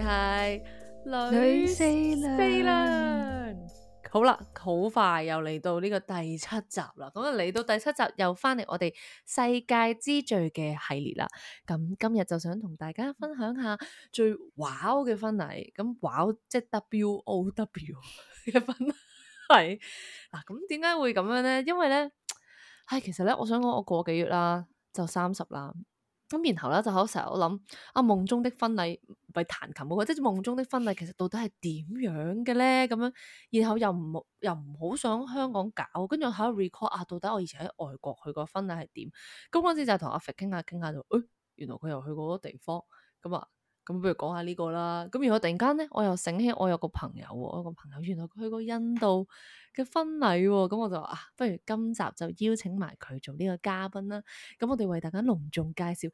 係女四娘，好啦，好快又嚟到呢個第七集啦。咁啊嚟到第七集又翻嚟我哋世界之最嘅系列啦。咁今日就想同大家分享下最 wow 嘅婚禮，咁 wow 即係 W O W 嘅婚禮。嗱，咁點解會咁樣咧？因為咧，唉，其實咧，我想講我過幾個月啦，就三十啦。咁然後咧就好成日我諗啊，夢中的婚禮咪彈琴喎，即係夢中的婚禮其實到底係點樣嘅咧？咁樣，然後又唔又唔好想香港搞，跟住我喺度 record 啊，到底我以前喺外國去過婚禮係點？咁嗰陣時就同阿肥 i 傾下傾下就誒，原來佢又去過好多地方，咁啊～咁不如講下呢個啦，咁然後突然間咧，我又醒起我有個朋友喎，我有個朋友原來佢去過印度嘅婚禮喎、哦，咁我就啊，不如今集就邀請埋佢做呢個嘉賓啦。咁我哋為大家隆重介紹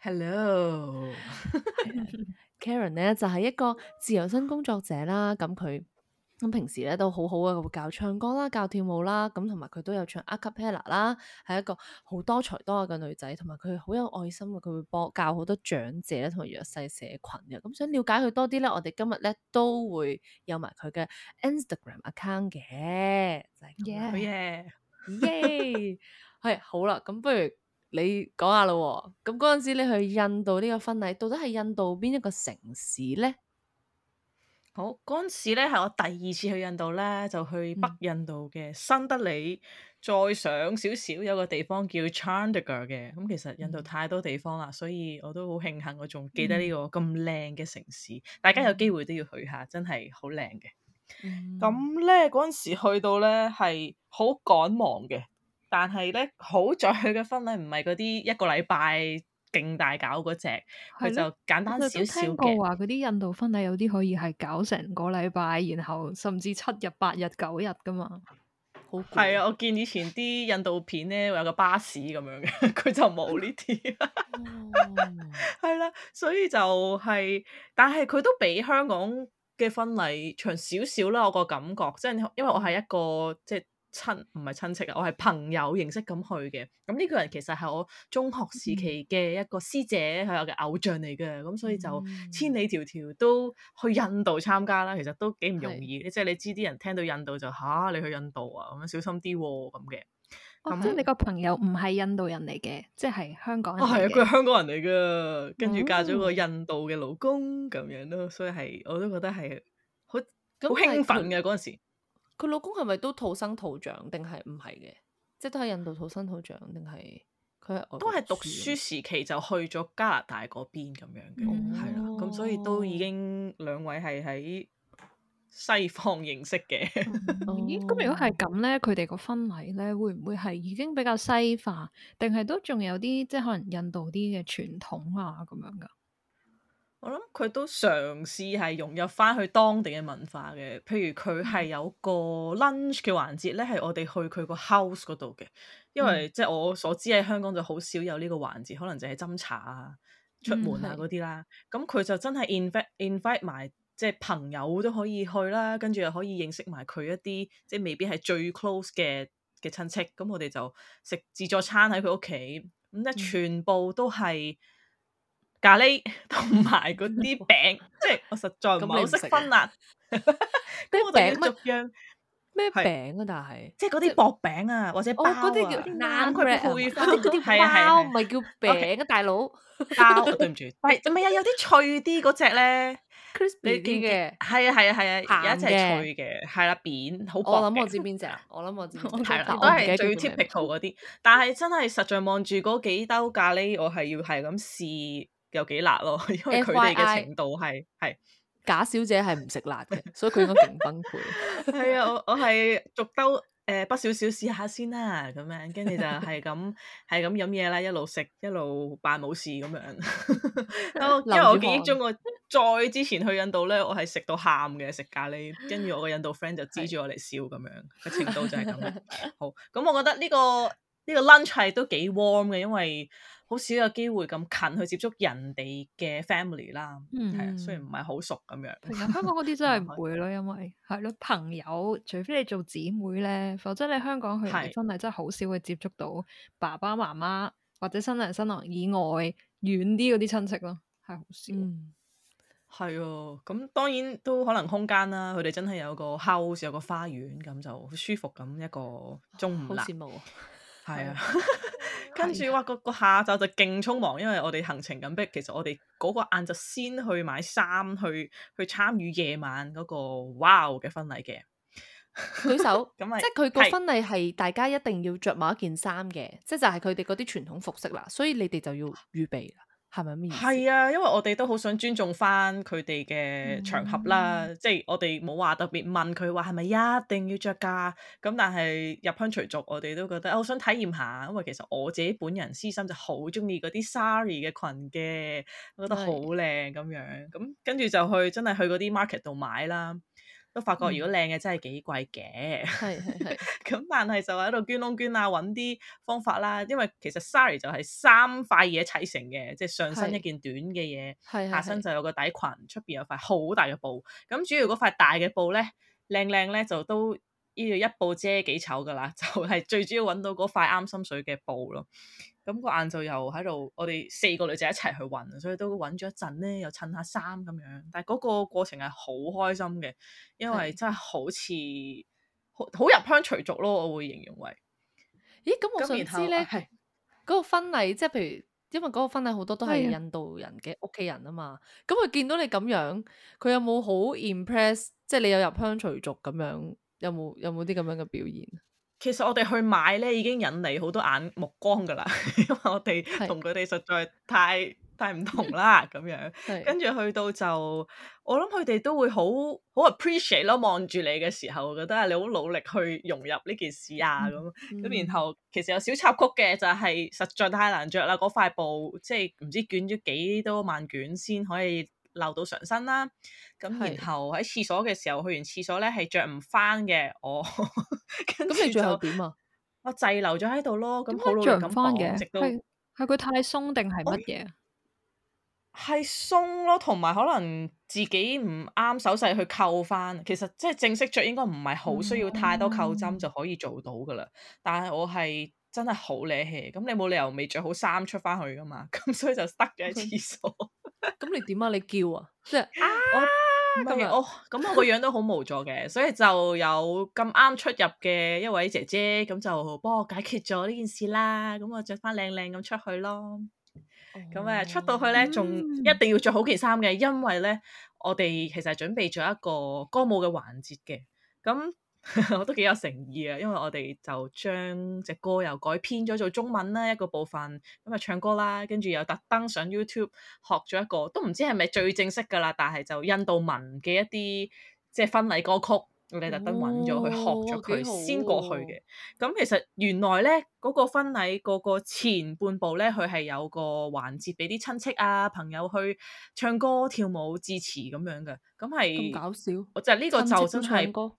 Hello. Karen Car。Hello，Karen 咧就係、是、一個自由身工作者啦，咁佢。咁平時咧都好好、啊、嘅，會教唱歌啦，教跳舞啦，咁同埋佢都有唱 acapella 啦，係一個好多才多藝嘅女仔，同埋佢好有愛心嘅、啊，佢會幫教好多長者咧同弱勢社群嘅。咁、嗯、想了解佢多啲咧，我哋今日咧都會有埋佢嘅 Instagram account 嘅，就係咁啦。耶！耶！耶！係好啦。咁不如你講下啦喎。咁嗰陣時你去印度呢個婚禮，到底係印度邊一個城市咧？好，嗰陣時咧，係我第二次去印度咧，就去北印度嘅新德里，嗯、再上少少有個地方叫 Chandigarh 嘅。咁、嗯、其實印度太多地方啦，所以我都好慶幸我仲記得呢個咁靚嘅城市。嗯、大家有機會都要去下，真係好靚嘅。咁咧嗰陣時去到咧係好趕忙嘅，但係咧好在佢嘅婚禮唔係嗰啲一個禮拜。勁大搞嗰隻，佢的就簡單少少嘅。我聽過話，嗰啲印度婚禮有啲可以係搞成個禮拜，然後甚至七日、八日、九日噶嘛好係啊，我見以前啲印度片咧會有個巴士咁樣嘅，佢就冇呢啲。係啦、哦， 所以就係、是，但係佢都比香港嘅婚禮長少少啦。我個感覺，即係因為我係一個即係。親唔係親戚啊，我係朋友形式咁去嘅。咁呢個人其實係我中學時期嘅一個師姐，係我嘅偶像嚟嘅。咁所以就千里迢迢都去印度參加啦。其實都幾唔容易。是即係你知啲人聽到印度就嚇、啊，你去印度啊，咁樣小心啲喎咁嘅。咁、哦、即係你個朋友唔係印度人嚟嘅，即係香港人嚟嘅。啊係啊，佢係香港人嚟㗎，跟住、哦、嫁咗個印度嘅老公咁樣咯。所以係我都覺得係好好興奮嘅嗰陣時。佢老公係咪都土生土長，定係唔係嘅？即係都喺印度土生土長，定係佢係都係讀書時期就去咗加拿大嗰邊咁樣嘅，係啦、嗯哦。咁所以都已經兩位係喺西方認識嘅。嗯哦、 咦？咁如果係咁咧，佢哋個婚禮咧會唔會係已經比較西化，定係都仲有啲即係可能印度啲嘅傳統啊咁樣㗎？我諗佢都嘗試係融入翻去當地嘅文化嘅，譬如佢係有個 lunch 嘅環節咧，係我哋去佢個 house 嗰度嘅，因為、嗯、即係我所知喺香港就好少有呢個環節，可能就係斟茶啊、出門啊嗰啲啦。咁佢、嗯、就真係 in invite invite 埋即係朋友都可以去啦，跟住又可以認識埋佢一啲即係未必係最 close 嘅嘅親戚。咁我哋就食自助餐喺佢屋企，咁即係、嗯、全部都係。咖喱同埋嗰啲餅，即係我實在唔係好識分啊。咩餅啊？咩餅啊？但係即係嗰啲薄餅啊，或者哦嗰啲叫啲腩，佢配嗰啲啲包，唔係叫餅啊，大佬包。對唔住，唔係啊，有啲脆啲嗰隻咧你 r 啲嘅，係啊係啊係啊，有一隻脆嘅，係啦扁，好薄。我諗我知邊隻，我諗我知，我都係最 typical 嗰啲。但係真係實在望住嗰幾兜咖喱，我係要係咁試。有幾辣咯，因為佢哋嘅程度係係 FY I, 是假小姐係唔食辣嘅， 所以佢應該勁崩潰。係、 呃、啊，我我係逐兜誒不少少試下先啦，咁樣跟住就係咁係咁飲嘢啦，一路食一路扮冇事咁樣。樣 因為我記憶中我再之前去印度咧，我係食到喊嘅食咖喱，跟住我個印度 friend 就指住我嚟笑咁 樣嘅程度就係咁。好，咁我覺得呢、這個呢、這個 lunch 係都幾 warm 嘅，因為。好少有機會咁近去接觸人哋嘅 family 啦，係啊、嗯，雖然唔係好熟咁、嗯、樣。其實香港嗰啲真係唔會咯， 因為係咯朋友，除非你做姊妹咧，否則你香港去是，真係真係好少會接觸到爸爸媽媽或者新娘新郎以外遠啲嗰啲親戚咯，係好少。係啊、嗯，咁當然都可能空間啦，佢哋真係有個 house 有個花園咁就好舒服咁一個中午啦。好羨慕 係啊， 跟住着、啊、哇，個下晝就勁匆忙，因為我哋行程緊迫。其實我哋嗰個晏晝先去買衫，去去參與夜晚嗰個 wow 嘅婚禮嘅 舉手。咁、 就是、即係佢個婚禮係大家一定要着某一件衫嘅，即係是就係佢哋嗰啲傳統服飾啦，所以你哋就要預備。係啊，因為我哋都好想尊重翻佢哋嘅場合啦，嗯、即係我哋冇話特別問佢話係咪一定要着㗎。咁、嗯、但係入鄉隨俗，我哋都覺得、啊、我想體驗下，因為其實我自己本人私心就好中意嗰啲 sari 嘅裙嘅，我覺得好靚咁樣。咁是、嗯、跟住就去真係去嗰啲 market 度買啦。都發覺如果靚嘅真係幾貴嘅、嗯，係係係。咁但係就喺度捐窿捐啊，揾啲方法啦。因為其實 Sari 就係三塊嘢砌成嘅，是即係上身一件短嘅嘢，下身就有個底裙，出邊是有塊好大嘅布。咁是主要嗰塊大嘅布咧，靚靚咧就都呢度一布遮幾醜噶啦，就係、是、最主要揾到嗰塊啱心水嘅布咯。咁個晏晝又喺度，我哋四個女仔一齊去揾，所以都揾咗一陣咧，又襯下衫咁樣。但係嗰個過程係好開心嘅，因為真係好似的好好入鄉隨俗咯，我會形容為。咦？咁我想知咧，係嗰、啊、個婚禮，即係譬如，因為嗰個婚禮好多都係印度人嘅屋企人啊嘛。咁佢的見到你咁樣，佢有冇好 impress？即係你有入鄉隨俗咁樣，有冇有冇啲咁樣嘅表現？其實我哋去買咧，已經引嚟好多眼目光噶啦，因為我哋同佢哋實在太太唔同啦，咁樣，的跟住去到就，我諗佢哋都會好好 appreciate 咯，望住你嘅時候，覺得啊，你好努力去融入呢件事啊，咁，咁、嗯、然後，其實有小插曲嘅就係、是、實在太難着啦，嗰塊布即係唔知捲咗幾多萬捲先可以。留到上身啦，咁然後喺廁所嘅時候去完廁所咧，係着唔翻嘅。我咁 就你最後點啊？我滯留咗喺度咯，咁好耐咁。直係係佢太鬆定係乜嘢？係鬆咯，同埋可能自己唔啱手勢去扣翻。其實即係正式着應該唔係好需要太多扣針就可以做到噶啦，嗯、但係我係。真係好瀨氣，咁你冇理由未着好衫出返去㗎嘛，咁所以就塞咗喺廁所。咁你點啊？你叫啊？即係啊咁啊！我咁我個樣都好無助嘅，所以就有咁啱出入嘅一位姐姐，咁就幫我解決咗呢件事啦。咁我着返靚靚咁出去咯。咁誒出到去咧，仲一定要着好件衫嘅，因為咧我哋其實準備咗一個歌舞嘅環節嘅，咁。 我都幾有誠意啊，因為我哋就將隻歌又改編咗做中文啦，一個部分，咁啊唱歌啦，跟住又特登上 YouTube 學咗一個，都唔知係咪最正式噶啦，但係就印度文嘅一啲即係婚禮歌曲，我哋特登揾咗去學咗佢、哦、先過去嘅。咁、嗯、其實原來咧嗰、嗰個婚禮個個前半部咧，佢係有個環節俾啲親戚啊朋友去唱歌跳舞支持咁樣嘅。咁係，咁搞笑，我就呢個就真係。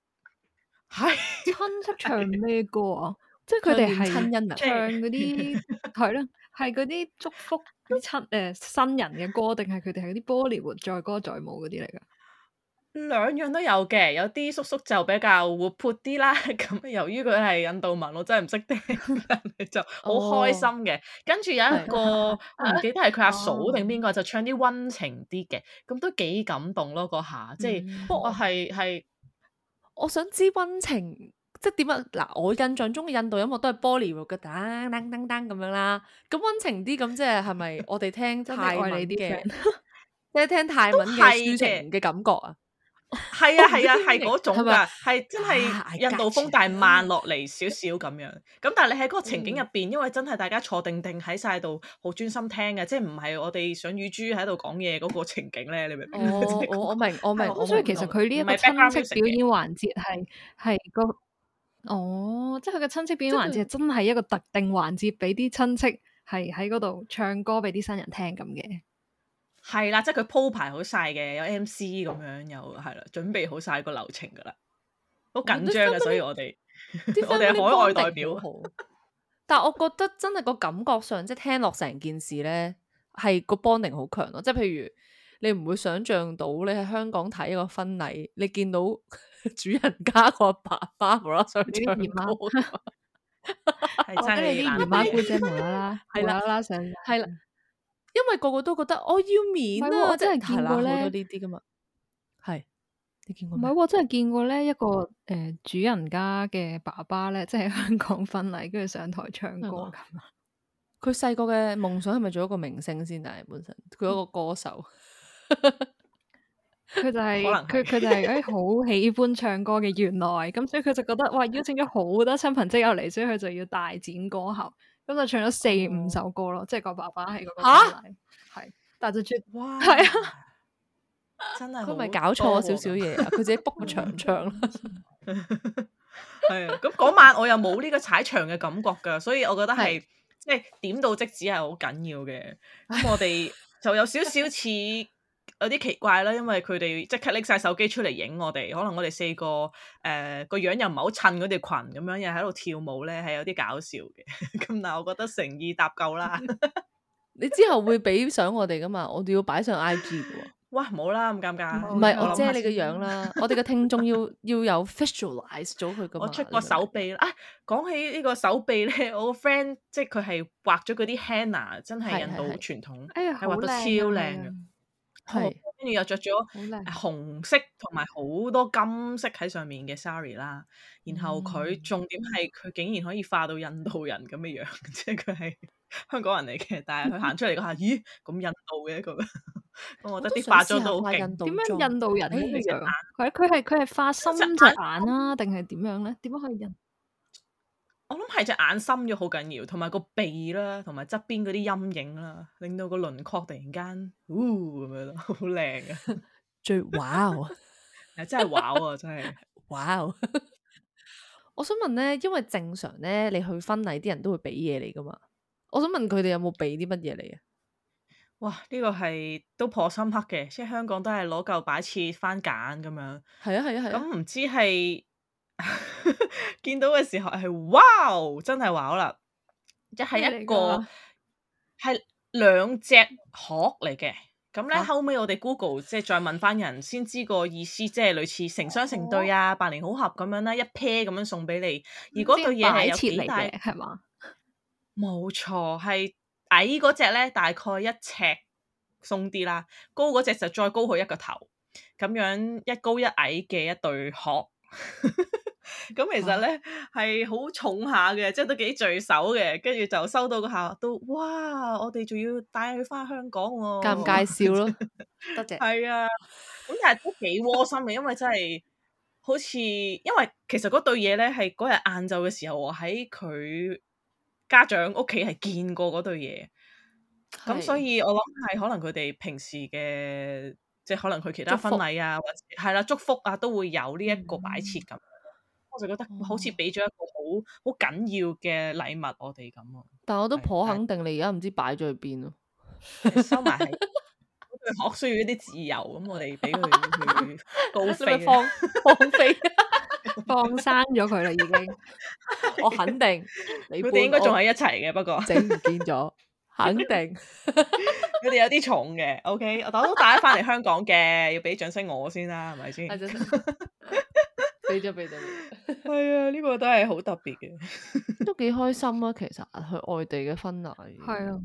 係，親 戚唱咩歌啊？ 即係佢哋係親人啊， 唱嗰啲係咯，係啲 祝福啲親誒新人嘅歌，定係佢哋係啲寶萊塢載歌載舞嗰啲嚟噶？兩 樣都有嘅，有啲叔叔就比較活潑啲啦。咁由於佢係印度文，我真係唔識聽， 就好開心嘅。跟住有一個唔記得係佢阿嫂定邊個就唱啲温情啲嘅，咁都幾感動咯。嗰、那個、下即係不過係係。我想知溫情即係點啊？嗱，我印象中嘅印度音樂都係 Bollywood 嘅「噔噔噔噔咁樣啦，咁溫情啲咁即係係咪我哋聽泰文啲嘅，即係 聽泰文嘅抒情嘅感覺啊？係啊，係啊，係嗰種噶，係真係印度風，但慢落嚟少少咁樣。咁但係你喺嗰個情景入邊，因為真係大家坐定定喺晒度，好專心聽嘅，即係唔係我哋想雨珠喺度講嘢嗰個情景咧？你明唔明？哦，我明，我明。所以其實佢呢一個親戚表演環節係係個，哦，即係佢嘅親戚表演環節係真係一個特定環節，俾啲親戚係喺嗰度唱歌俾啲新人聽咁嘅。係啦，即係佢鋪排好晒嘅，有 MC 咁樣，有係啦，準備好晒個流程噶啦，好緊張啊！所以我哋我哋係海外代表，好，但係我覺得真係個感覺上，即係聽落成件事咧，係個 bonding 好強咯。即係譬如你唔會想象到你喺香港睇一個婚禮，你見到主人家個爸爸啦，想接姨媽，我跟你啲姨媽姑姐無啦啦，無係啦。因為個個都覺得我要面啊！真係見過好多呢啲噶嘛？係 你見過咩？唔係喎，真係見過咧一個誒、呃、主人家嘅爸爸咧，即係喺香港婚禮，跟住上台唱歌咁啊！佢細個嘅夢想係咪做一個明星先？但係本身佢一個歌手，佢 就係佢佢就係誒好喜歡唱歌嘅。原來咁， 所以佢就覺得哇，邀請咗好多親朋戚友嚟，所以佢就要大展歌喉。咁就、嗯、唱咗四五首歌咯，嗯、即係個爸爸喺嗰度係，但就唱哇，係啊， 真係佢咪搞錯少少嘢啊！佢自己 book 個場，場、 嗯、唱啦，係 啊， 咁嗰晚我又冇呢個踩場嘅感覺噶，所以我覺得係即係點到即止係好緊要嘅。咁 我哋就有少少似。有啲奇怪啦，因為佢哋即刻拎晒手機出嚟影我哋，可能我哋四個誒、呃、個樣又唔係好襯嗰條裙咁樣，又喺度跳舞咧，係有啲搞笑嘅。咁 但係我覺得誠意搭夠啦。 你之後會俾相我哋噶嘛？我哋要擺上 I G 嘅。哇，冇啦咁尷尬。唔係我遮你個樣啦， 我哋個聽眾要要有 visualize 咗佢。我出手、啊、個手臂啊！講起呢個手臂咧，我個 friend 即係佢係畫咗嗰啲 henna，真係印度傳統，係畫得超靚係，跟住、oh, 是又着咗好靚紅色同埋好多金色喺上面嘅 sari 啦。然後佢重點係佢竟然可以化到印度人咁嘅樣，即係佢係香港人嚟嘅，但係佢行出嚟嗰下， 咦咁印度嘅一個咁。 我覺得啲化妝都好印度妝。點樣印度人嘅樣？佢佢係佢係化深色眼啊，定係點樣咧？點樣可以印？我諗係隻眼深咗好緊要，同埋個鼻啦，同埋側邊嗰啲陰影啦，令到個輪廓突然間，嗚咁樣咯，好靚啊， 最 w、哦 啊、真係 w、哦、真係 w 哇、哦、 我想問呢，因為正常呢，你去婚禮啲人都會俾嘢你噶嘛？我想問佢哋有冇俾啲乜嘢你啊？哇！呢、呢個係都頗深刻嘅，即、就、係、是、香港都係攞嚿擺設番簡咁樣。係啊係啊係。咁唔、啊、知係。 見到嘅時候係哇哦，真係好啦，即係一個係兩隻殼嚟嘅。咁咧、啊、後尾我哋 Google 即係再問翻人先知個意思，即係類似成雙成對啊，百、哦、年好合咁樣啦，一 pair 咁樣送俾你。而嗰對嘢係有幾大係嘛？冇錯，係矮嗰隻咧大概一尺鬆啲啦，高嗰隻就再高佢一個頭，咁樣一高一矮嘅一對殼。 咁其實咧係好重下嘅，即係都幾聚手嘅。跟住就收到個客都「哇！我哋仲要帶佢翻香港喎、哦，介唔介紹咯？ 多謝係啊，咁又都幾窩心嘅， 因為真係好似因為其實嗰對嘢咧係嗰日晏晝嘅時候，我喺佢家長屋企係見過嗰對嘢。咁是所以我諗係可能佢哋平時嘅即係可能佢其他婚禮啊，或者係啦祝，福祝福啊，都會有呢一個擺設咁。嗯。我就覺得好似俾咗一個好好緊要嘅禮物我哋咁啊！但我都頗肯定你而家唔知擺咗去邊咯，收埋。我需要一啲自由，咁我哋俾佢去告飛，係咪放飛，放飛、啊， 放生咗佢啦已經。 我肯定，佢哋應該仲喺一齊嘅，不過整唔 見咗，肯定佢哋 有啲重嘅。OK，我都帶咗翻嚟香港嘅，要俾掌聲我先啦，係咪先？ 俾咗俾咗，係啊！呢、 呢個都係好特別嘅， 都幾開心啊！其實去外地嘅婚禮，係 啊，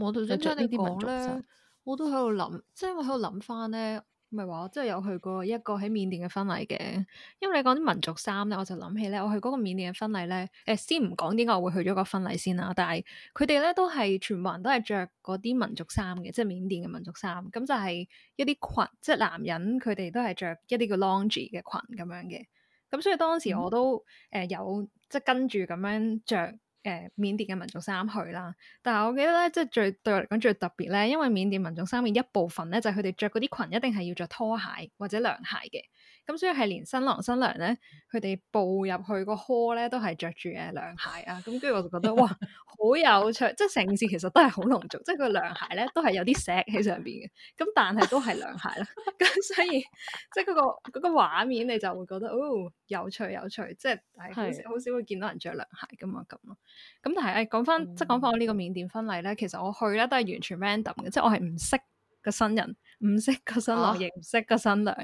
我都想將呢啲講咧，我都喺度諗，即係我喺度諗翻咧，咪話我即係有去過一個喺緬甸嘅婚禮嘅。因為你講啲民族衫咧，我就諗起咧，我去嗰個緬甸嘅婚禮咧，誒，先唔講點解我會去咗個婚禮先啦。但係佢哋咧都係全部人都係着嗰啲民族衫嘅，即係緬甸嘅民族衫。咁就係一啲裙，即係男人佢哋都係着一啲叫 longie 嘅裙咁樣嘅。咁所以當時我都誒有即跟住咁樣着誒、呃、緬甸嘅民族衫去啦，但係我記得咧，即最對我嚟講最特別咧，因為緬甸民族衫嘅一部分咧，就係佢哋着嗰啲裙一定係要着拖鞋或者涼鞋嘅。咁、嗯、所以係連新郎新娘咧，佢哋步入去個 hall 咧，都係着住嘅涼鞋啊！咁跟住我就覺得哇，好有趣！即係成件事其實都係好隆重，即係個涼鞋咧都係有啲石喺上邊嘅。咁但係都係涼鞋啦。咁、嗯、所以即係、那、嗰個嗰、那個、畫面，你就會覺得哦有趣有趣。即係係好少會見到人着涼鞋㗎嘛咁咯。咁但係誒、哎、講翻、嗯、即係講翻呢個緬甸婚禮咧，其實我去咧都係完全 random 嘅，即係我係唔識個新人。唔識個新郎，亦唔識個新娘，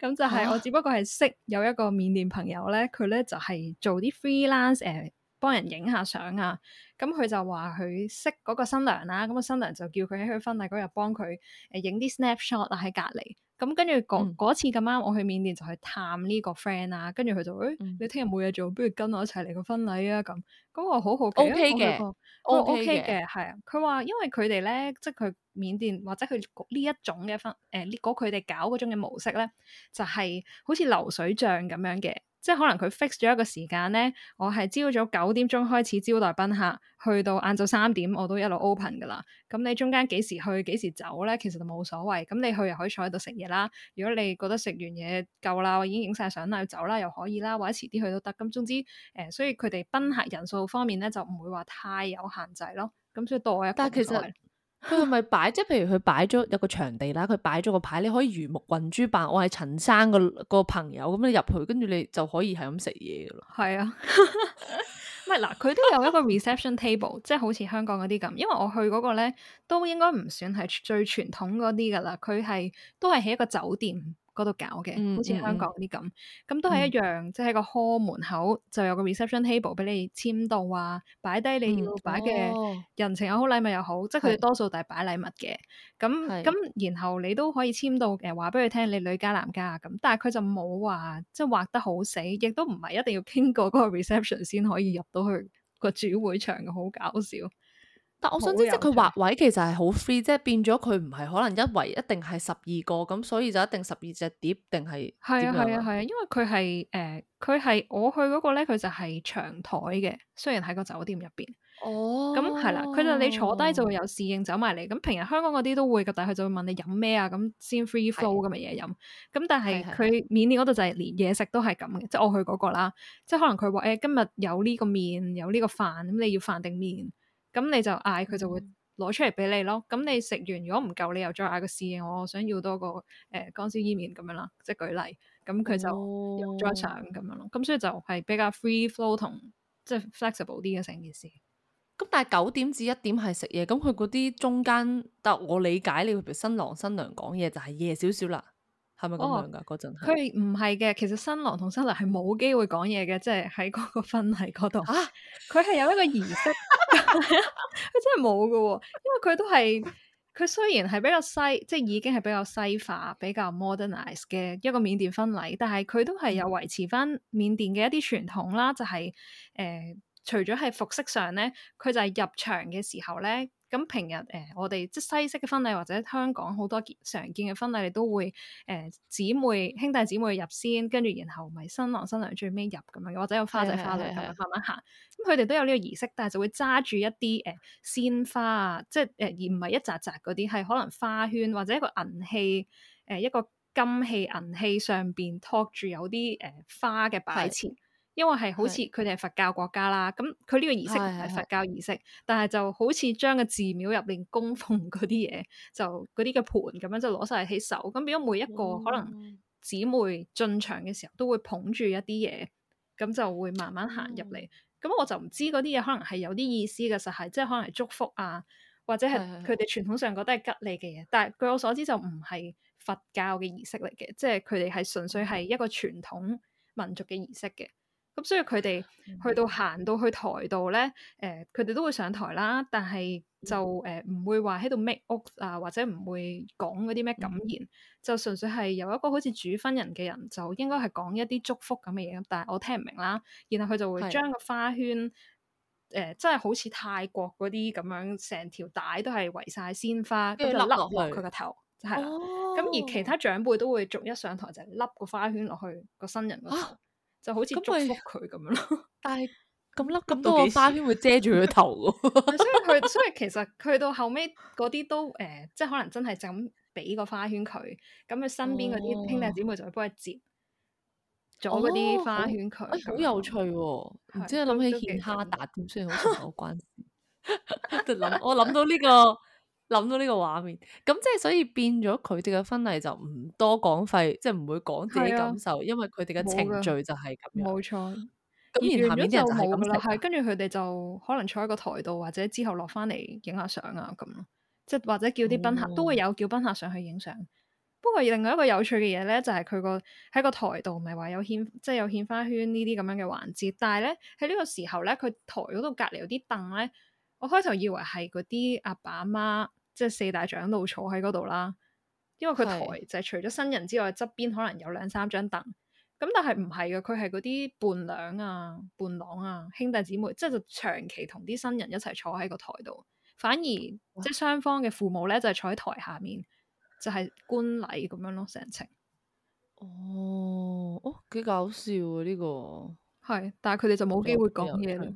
咁、oh. 就係我只不過係識有一個緬甸朋友咧，佢咧就係、是、做啲 freelance，誒、呃，幫人影下相啊，咁佢就話佢識嗰個新娘啦、啊，咁個新娘就叫佢喺佢婚禮嗰日幫佢誒影啲 snapshot 啊喺隔籬。咁、嗯、跟住嗰次咁啱，我去緬甸就去探呢個 friend 啊，跟住佢就誒、嗯哎，你聽日冇嘢做，不如跟我一齊嚟個婚禮啊！咁咁我好好奇嘅，OK 嘅的，OK 嘅，係啊。佢話因為佢哋咧，即係佢緬甸或者佢呢一種嘅婚誒呢佢哋搞嗰種嘅模式咧，就係、是、好似流水帳咁樣嘅。即係可能佢 fix 咗一個時間咧，我係朝早九點鐘開始招待賓客，去到晏晝三點我都一路 open 噶啦。咁你中間幾時去幾時走咧，其實就冇所謂。咁你去又可以坐喺度食嘢啦。如果你覺得食完嘢夠啦，我已經影晒相啦要走啦，又可以啦，或者遲啲去都得。咁總之，誒、呃，所以佢哋賓客人數方面咧就唔會話太有限制咯。咁所以多一個客人。佢咪 擺即係，譬如佢擺咗一個場地啦，佢擺咗個牌，你可以魚目混珠扮，我係陳生個個朋友，咁你入去，跟住你就可以係咁食嘢咯。係啊，唔係嗱，佢都有一個 reception table，即係好似香港嗰啲咁。因為我去嗰個咧，都應該唔算係最傳統嗰啲噶啦。佢係都係喺一個酒店。嗰度搞嘅，嗯、好似香港嗰啲咁，咁、嗯、都係一樣，即係喺個 hall 門口、嗯、就有個 reception table 俾你簽到啊，擺低你要擺嘅人情又好，好，禮物又好，哦、即係佢哋多數都係擺禮物嘅。咁咁是，然後你都可以簽到，誒話俾佢聽你女家男家咁，但係佢就冇話即係畫得好死，亦都唔係一定要經過嗰個 reception 先可以入到去個主會場嘅，好搞笑。但我想知即係佢畫位其實係好 free，即係變咗佢唔係可能一圍一定係十二個咁，所以就一定十二隻碟定係點樣？係啊係啊係啊，因為佢係誒佢係我去嗰個咧，佢就係長台嘅，雖然喺個酒店入邊。哦。咁係啦，佢就你坐低就會有侍應走埋嚟。咁平日香港嗰啲都會㗎，但佢就會問你飲咩啊？咁先 free flow 咁嘅嘢飲。咁但係佢緬甸嗰度就係連嘢食都係咁嘅，即係我去嗰個啦。即係可能佢話誒，今日有呢個麵，有呢個飯，咁你要飯定麵？咁你就嗌，佢就會攞出嚟俾你咯。咁你食完如果唔夠，你又再嗌個侍應，我想要多個誒乾、呃、燒伊麵咁樣啦，即係舉例。咁佢就又再上咁樣咯。咁、哦、所以就係比較 free flow 同即係 flexible 啲嘅成件事。咁但係九點至一點係食嘢，咁佢嗰啲中間，但我理解你譬如新郎新娘講嘢就係夜少少啦。係咪咁樣噶？嗰陣，佢唔係嘅，其實新郎同新娘係冇機會講嘢嘅，即係喺嗰個婚禮嗰度。啊，佢係有一個儀式，佢 真係冇噶，因為佢都係，佢雖然係比較西，即、就、係、係、已經係比較西化、比較 modernize 嘅一個緬甸婚禮，但係佢都係有維持翻緬甸嘅一啲傳統啦，嗯、就係、係、誒、呃，除咗係服飾上咧，佢就係入場嘅時候咧。咁平日誒、呃，我哋即西式嘅婚禮或者香港好多見常見嘅婚禮，你都會誒姊、呃、妹兄弟姊妹先入先，跟住然後咪新郎新娘最尾入咁樣，或者有花仔是的 花女咁樣慢慢行。咁佢哋都有呢個儀式，但係就會揸住一啲誒、呃、鮮花啊，即係誒、呃、而唔係一紮紮嗰啲，係可能花圈或者一個銀器誒、呃、一個金器銀器上邊托住有啲誒、呃、花嘅擺設。因為係好似佢哋係佛教國家啦，咁佢呢個儀式唔係佛教儀式，是是是但係就好似將個寺廟入面供奉嗰啲嘢，就嗰啲嘅盤咁樣就攞晒嚟起手。咁變咗每一個、嗯、可能姊妹進場嘅時候都會捧住一啲嘢，咁就會慢慢行入嚟。咁、嗯、我就唔知嗰啲嘢可能係有啲意思嘅，實係即係可能係祝福啊，或者係佢哋傳統上覺得係吉利嘅嘢。是是是但係據我所知就唔係佛教嘅儀式嚟嘅，即係佢哋係純粹係一個傳統民族嘅儀式嘅。咁、嗯、所以佢哋去到行到去台度咧，誒佢哋都會上台啦，但係就誒唔、呃、會話喺度 make 屋啊，或者唔會講嗰啲咩感言，嗯、就純粹係有一個好似主婚人嘅人，就應該係講一啲祝福咁嘅嘢。但係我聽唔明啦。然後佢就會將個花圈誒的、呃、真係好似泰國嗰啲咁樣成條帶都係圍晒鮮花，跟住笠落佢個頭，就係啦。咁的、哦、而其他長輩都會逐一上台，就係、是、笠個花圈落去個新人嗰度。啊就好似祝福佢咁樣咯，但係咁笠咁多個花圈會遮住佢頭咯。所以佢，所以其實佢到後尾嗰啲都誒，即係可能真係就咁俾個花圈佢，咁佢身邊嗰啲兄弟姊妹就會幫佢接咗嗰啲花圈佢。好有趣，即係諗起獻哈達，雖然好似我關，就諗我諗到呢個。諗到呢個畫面，咁即係所以變咗佢哋嘅婚禮就唔多講費，即係唔會講自己感受，啊、因為佢哋嘅程序就係咁樣冇錯。咁然下面就冇噶啦，係跟住佢哋就可能坐喺個台度，或者之後落翻嚟影下相啊，咁咯。即係或者叫啲賓客、嗯、都會有叫賓客上去影相。不過另外一個有趣嘅嘢咧，就係佢個喺個台度，唔係話有獻即係有獻花圈呢啲咁樣嘅環節，但係咧喺呢個時候咧，佢台嗰度隔籬有啲凳咧，我開頭以為係嗰啲阿爸阿媽。即係四大長老坐喺嗰度啦，因為佢台就係除咗新人之外，側是邊可能有兩三張凳。咁但係唔係嘅，佢係嗰啲伴娘啊、伴郎啊、兄弟姊妹，即係就長期同啲新人一齊坐喺個台度。反而哇即係雙方嘅父母咧，就係、是、坐喺台下面，就係、是、觀禮咁樣咯，成程。哦，哦，幾搞笑啊！呢、這個係，但係佢哋就冇機會講嘢啦。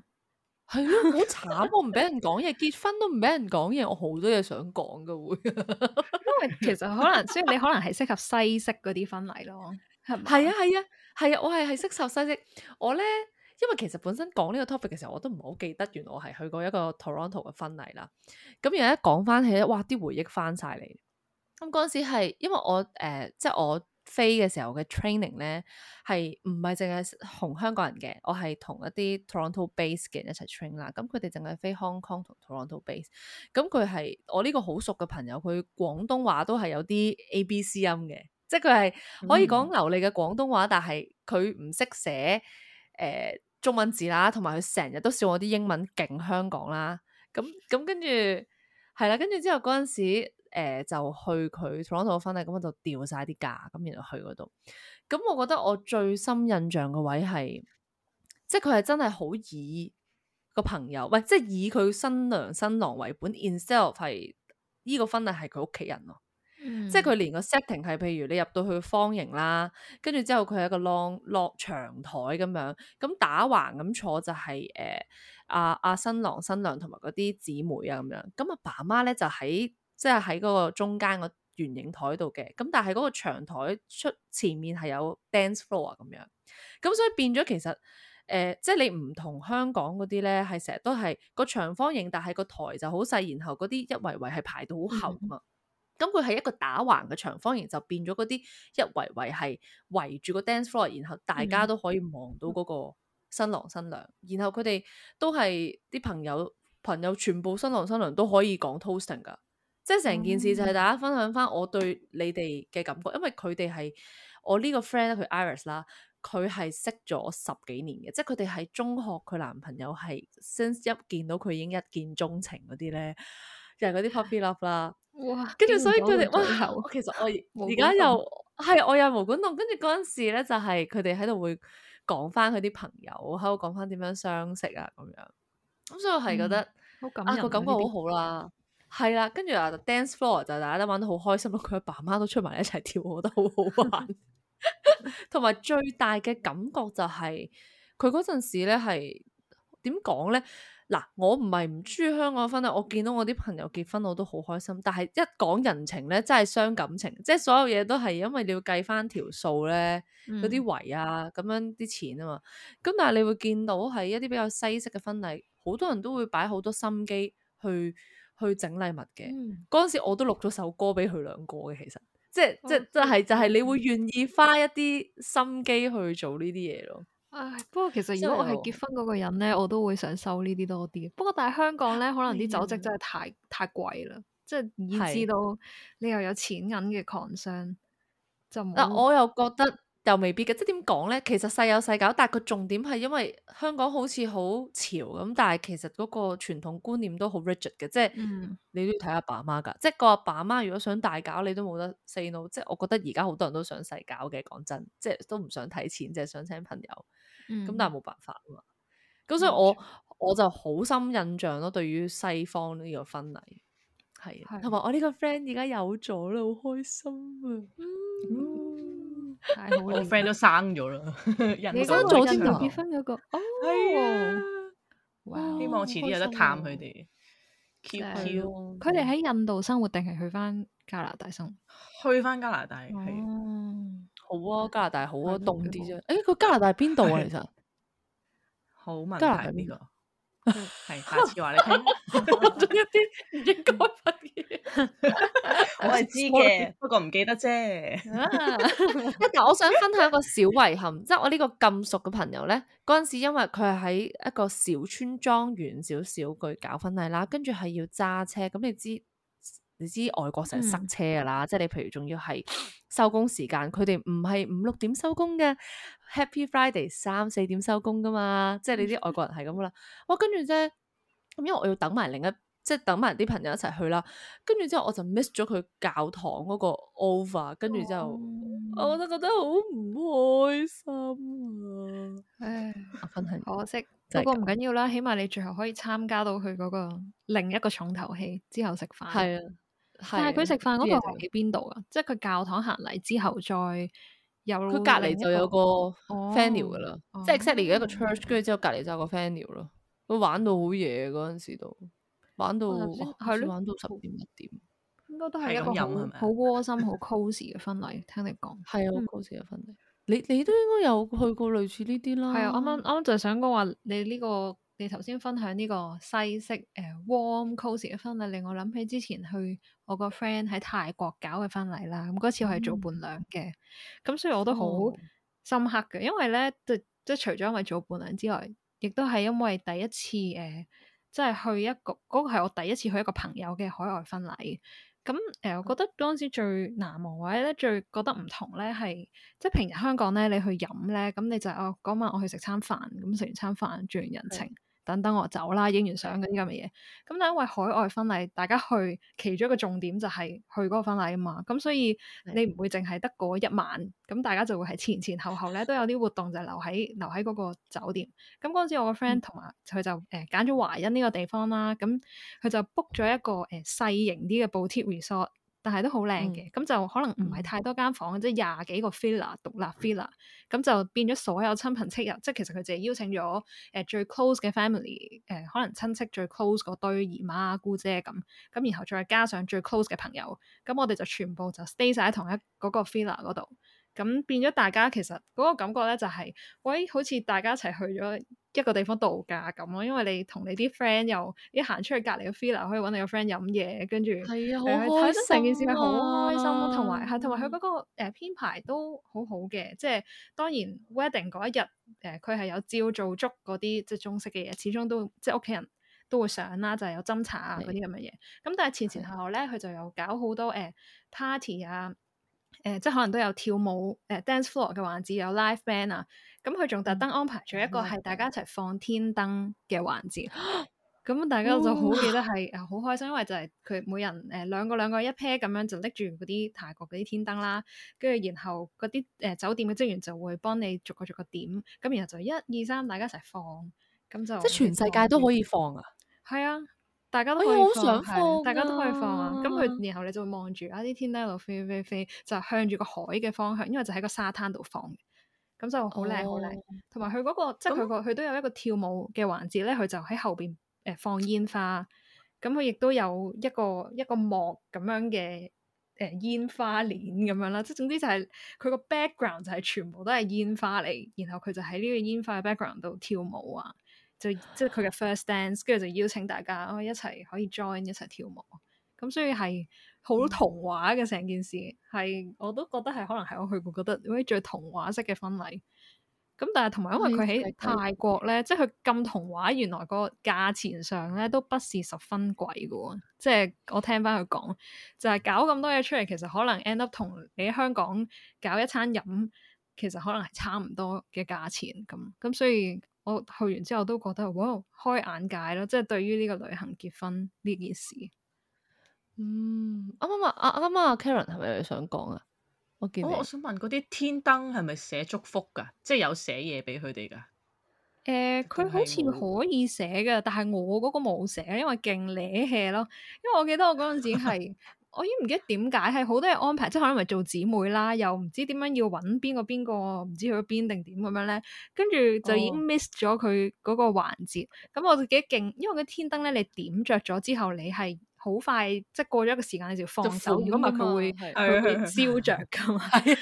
係咯，好慘， 我唔俾人講嘢，結婚都唔俾人講嘢，我好多嘢想講㗎喎， 因為其實可能即係你可能係適合西式嗰啲婚禮咯，係嘛？係啊，係啊，係啊，我係係適合西式，我咧因為其實本身講呢個 topic 嘅時候，我都唔好記得，原來我係去過一個 Toronto 嘅婚禮啦，咁而家講翻起咧，哇，啲回憶翻晒嚟，咁嗰陣時係因為我誒、呃，即係我。飛嘅時候嘅 training 咧，係唔係淨係同香港人嘅？我係同一啲 Toronto base 嘅人一齊 train 啦。咁佢哋淨係飛 Hong Kong 同 Toronto base。咁佢係我呢個好熟嘅朋友，佢廣東話都係有啲 ABC 音嘅，即係佢係可以講流利嘅廣東話，嗯、但係佢唔識寫誒、呃、中文字啦，同埋佢成日都笑我啲英文勁香港啦。咁咁跟住係啦，跟住之後嗰陣時。誒、呃，就去佢 Toronto 婚禮，咁我就調晒啲假，咁然後去嗰度。咁我覺得我最深印象嘅位係，即係佢係真係好以個朋友，喂，即係以佢新娘新郎為本 instead 係呢個婚禮係佢屋企人咯。即係佢連個 setting 係，譬如你入到去方形啦，跟住之後佢係一個 long long 長台咁樣，咁打橫咁坐就係誒阿阿新郎新娘同埋嗰啲姊妹啊咁樣。咁阿爸媽咧就喺。即係喺嗰個中間圓影個圓形台度嘅，咁但係嗰個長台出前面係有 dance floor 咁樣咁所以變咗其實誒、呃，即係你唔同香港嗰啲咧，係成日都係個長方形，但係個台就好細，然後嗰啲一圍圍係排到好厚啊嘛。咁佢係一個打橫嘅長方形，就變咗嗰啲一圍圍係圍住個 dance floor，然後大家都可以望到嗰個新郎新娘。嗯、然後佢哋都係啲朋友朋友，朋友全部新郎新娘都可以講 toasting 噶。即係成件事就係大家分享翻我對你哋嘅感覺，因為佢哋係我呢個 friend 佢 Iris 啦，佢係識咗十幾年嘅，即係佢哋喺中學佢男朋友係 since 一見到佢已經一見鍾情嗰啲咧，就係嗰啲 puppy love 啦。哇！跟住所以佢哋哇，其實我而家又係我有毛管戙，跟住嗰陣時咧就係佢哋喺度會講翻佢啲朋友喺度講翻點樣相識啊，咁樣。咁所以我係覺得、嗯、感啊個感覺好好、啊、啦。係啦，跟住啊，dance floor 就大家都玩得好開心咯。佢阿爸媽都出埋一齊跳，我覺得好好玩。同埋 最大嘅感覺就係佢嗰陣時咧，係點講咧？嗱，我唔係唔中意香港婚禮，我見到我啲朋友結婚，我都好開心。但係一講人情咧，真係傷感情，即係所有嘢都係因為你要計翻條數咧，嗰啲圍啊，咁樣啲錢啊嘛。咁、嗯、但係你會見到係一啲比較西式嘅婚禮，好多人都會擺好多心機去。去整禮物嘅，嗰陣、嗯、時我都錄咗首歌俾佢兩個嘅，其實即即即係就係、是就是、你會願意花一啲心機去做呢啲嘢咯。唉，不過其實如果我係結婚嗰個人咧，我，我都會想收呢啲多啲。不過但係香港咧，可能啲酒席真係太、嗯、太貴啦，即係以至到你又有錢銀嘅 concern。的就，但係、啊、我又覺得。又未必嘅，即係點講咧？其實細有細搞，但係個重點係因為香港好似好潮咁，但係其實嗰個傳統觀念都好 rigid 嘅，即係、嗯、你都要睇阿爸阿媽噶。即係個阿爸阿媽如果想大搞，你都冇得 say no。即係我覺得而家好多人都想細搞嘅，講真，即係都唔想睇錢，就係想請朋友。咁、嗯、但係冇辦法嘛。咁所以我我就好深印象咯，對於西方呢個婚禮係，同埋的我呢個 friend 而家有咗啦，好開心啊！嗯太好啦，我 friend 都生咗啦，印度想結婚嗰個哦，希望遲啲有得探佢哋。佢哋喺印度生活定係去翻加拿大生活？去翻加拿大係，好啊，加拿大好啊，凍啲啫。誒，個加拿大邊度啊？其實好問題，加拿大邊個？係， 下次話你聽一啲唔應該發嘅，我係知嘅， 不過唔記得啫。一但我想分享一個小遺憾，即係 我呢個咁熟嘅朋友咧，嗰陣時因為佢係喺一個小村莊遠少少去搞婚禮啦，跟住係要揸車，咁你知你知外國成日塞車噶啦，嗯、即係你譬如仲要係收工時間，佢哋唔係五六點收工嘅。Happy Friday，三四點收工噶嘛，即係你啲外國人係咁噶啦。哇跟住啫，咁因為我要等埋另一，即係等埋啲朋友一齊去啦。跟住之後我就 miss 咗佢教堂嗰個 over，跟住之後我都覺得好唔開心啊！唉，真係、啊、可惜，不過唔緊要啦，起碼你最後可以參加到佢嗰個另一個重頭戲之後食飯。係啊，但係佢食飯嗰個喺邊度啊？即係佢教堂行禮之後再。佢隔籬就有個 funeral 噶啦，即係 Sally 嘅一個 church，跟住之後隔籬就有個 funeral 咯，玩到好夜嗰陣時都，玩到係咯，玩到十點一點，應該都係一個好好窩心好 cosy 嘅婚禮，聽你講，係啊，好 cosy 嘅婚禮，你你都應該有去過類似呢啲啦，係啊，啱啱啱就係想講話你呢個。你頭先分享呢個西式誒、呃、warm cosy 嘅婚禮，令我諗起之前去我個 friend 喺泰國搞嘅婚禮啦。咁嗰次我係做伴娘嘅，咁、嗯、所以我都好深刻嘅，因為咧，即即除咗因為做伴娘之外，亦都係因為第一次誒、呃，即係去一個嗰、嗰個係我第一次去一個朋友嘅海外婚禮。咁誒、呃，我覺得嗰陣時最難忘或者咧，最覺得唔同咧，係即係平日香港咧，你去飲咧，咁你就哦嗰晚我去食餐飯，咁食完餐飯轉完人情。等等我走啦，影完相嗰啲咁嘅嘢。咁但係因為海外婚禮，大家去其中一個重點就係去嗰個婚禮啊嘛。咁所以你唔會淨係得嗰一晚，咁的大家就會係前前後後咧都有啲活動就留喺 留喺嗰個酒店。咁嗰陣時我個 friend 同埋佢就誒揀咗華欣呢個地方啦。咁佢就 book 咗一個誒、呃、細型啲嘅 boutique resort。但係都好靚嘅，咁就可能唔係太多間房，即係廿幾個 filler 獨立 filler 咁就變咗所有親朋戚友，即係其實佢哋係邀請咗誒最 close 嘅 family，誒可能親戚最 close 嗰堆姨媽姑姐咁，咁然後再加上最 close 嘅朋友，咁我哋就全部就 stay 晒喺同一嗰個 filler 嗰度。咁變咗大家其實嗰個感覺咧就係、是，喂，好似大家一齊去咗一個地方度假咁咯，因為你同你啲 friend 又一行出去隔離嘅 feeling 可以揾你個 friend 飲嘢，跟住係啊，好開心啊，睇到成件事係好開心,、啊開心，同埋係同埋佢嗰個誒、呃、編排都好好嘅，即係當然 wedding 嗰一日誒，佢、呃、係有照做足嗰啲即係中式嘅嘢，始終都即係屋企人都會想啦，就係、是、有斟茶啊嗰啲咁嘅嘢。咁是的、嗯、但係前前後後咧，佢是的 就有搞好多誒 party、呃、啊。誒、呃，即係可能都有跳舞誒、呃、，dance floor 嘅環節有 live band 啊，咁佢仲特登安排咗一個係大家一齊放天燈嘅環節，咁、嗯、大家就好記得係好開心，因為就係佢每人誒兩、呃、個兩個一 pair 咁樣就拎住嗰啲泰國嗰啲天燈啦，跟住然後嗰啲誒酒店嘅職員就會幫你逐個逐個點，咁、嗯、然後就一二三大家一齊放，咁就即係全世界都可以放啊，係啊。大家都可以放，大家都可以放啊！咁佢然後你就會望住啊啲天燈喺度飛飛飛，就向住個海嘅方向，因為就喺、哦個沙灘度放，咁就好靚好靚。同埋佢嗰個即係佢個佢都有一個跳舞嘅環節咧，佢就喺後邊誒、呃、放煙花。咁佢亦都有一個一個幕咁樣嘅誒煙花鏈咁樣啦，即係總之就係佢個 background 就係全部都係煙花嚟，然後佢就喺呢個煙花嘅 background 度跳舞啊。就即係佢嘅 first dance，跟住就邀請大家、哦、一齊可以 join 一齊跳舞，咁所以係好童話嘅成、嗯、件事，係我都覺得係可能係我去過覺得最童話式嘅婚禮。咁但係同埋因為佢喺泰國咧，即係佢咁童話，原來個價錢上咧都不是十分貴嘅喎。即係我聽翻佢講，就係、是、搞咁多嘢出嚟，其實可能 end up 同你喺香港搞一餐飲，其實可能係差唔多嘅價錢咁，咁所以。我去完之後都覺得哇，開眼界咯！即係對於呢個旅行結婚呢件事，嗯，啱啱啊，啱啱啊，Karen 係咪想講啊？啊啊啊 Karen，是是我見、哦，我想問嗰啲天燈係咪寫祝福噶？即係有寫嘢俾佢哋噶？誒、呃，佢好似可以寫噶，但係我嗰個冇寫，因為勁惹氣咯。因為我記得我嗰陣時係。 我已經唔記得點解係好多人安排，即係可能咪做姊妹啦，又唔知點樣要搵邊個邊個，唔知去咗邊定點咁樣咧，跟住就已經 miss 咗佢嗰個環節。咁、哦、我幾勁，因為嗰天燈咧，你點着咗之後，你係好快即係過咗一個時間，你就放手。如果唔係佢會會燒着噶嘛。咁